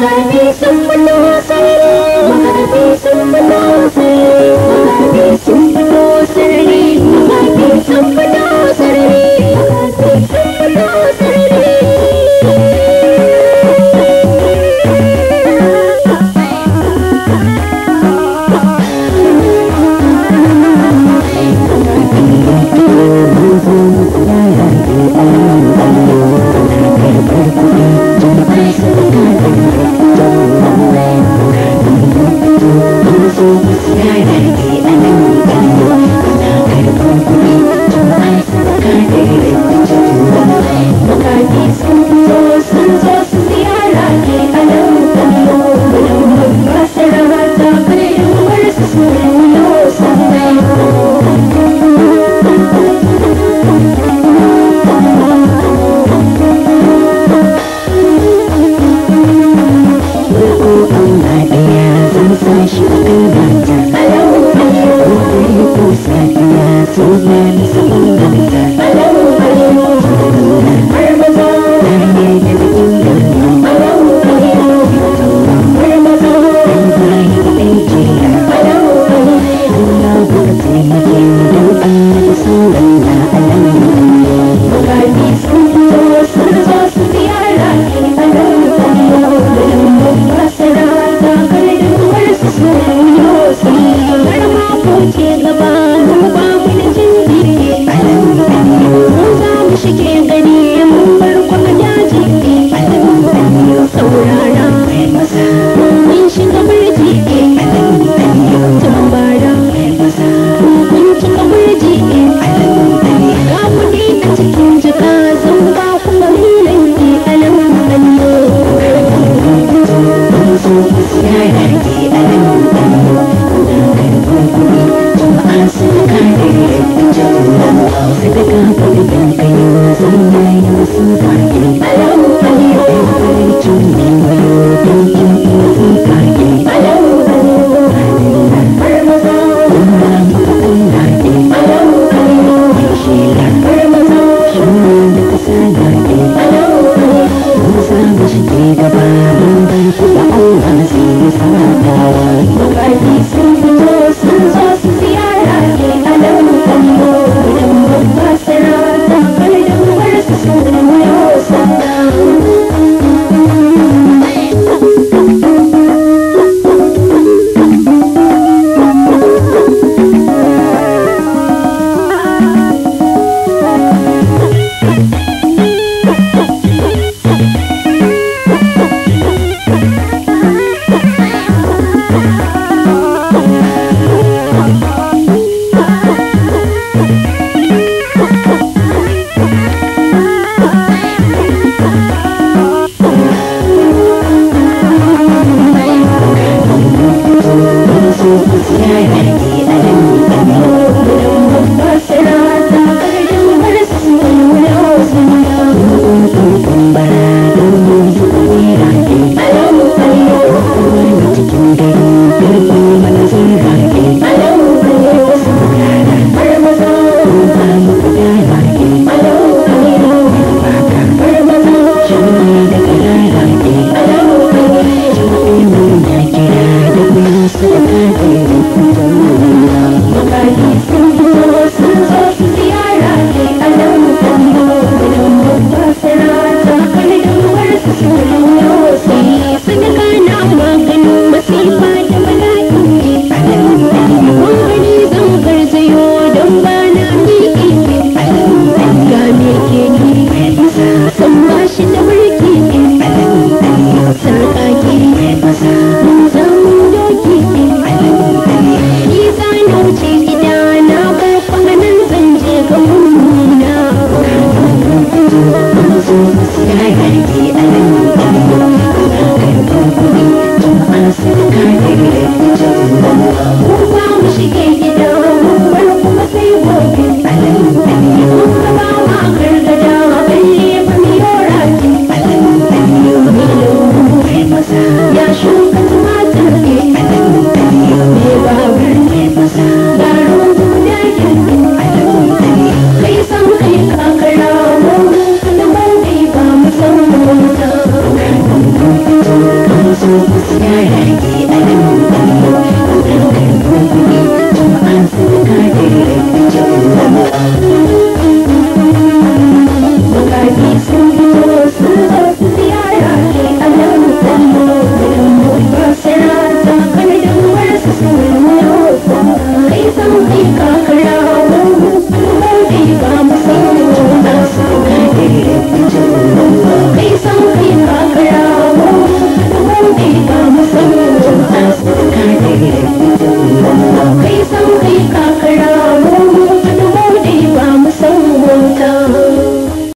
gonna be someone who's Amen. Thank you. Thank you República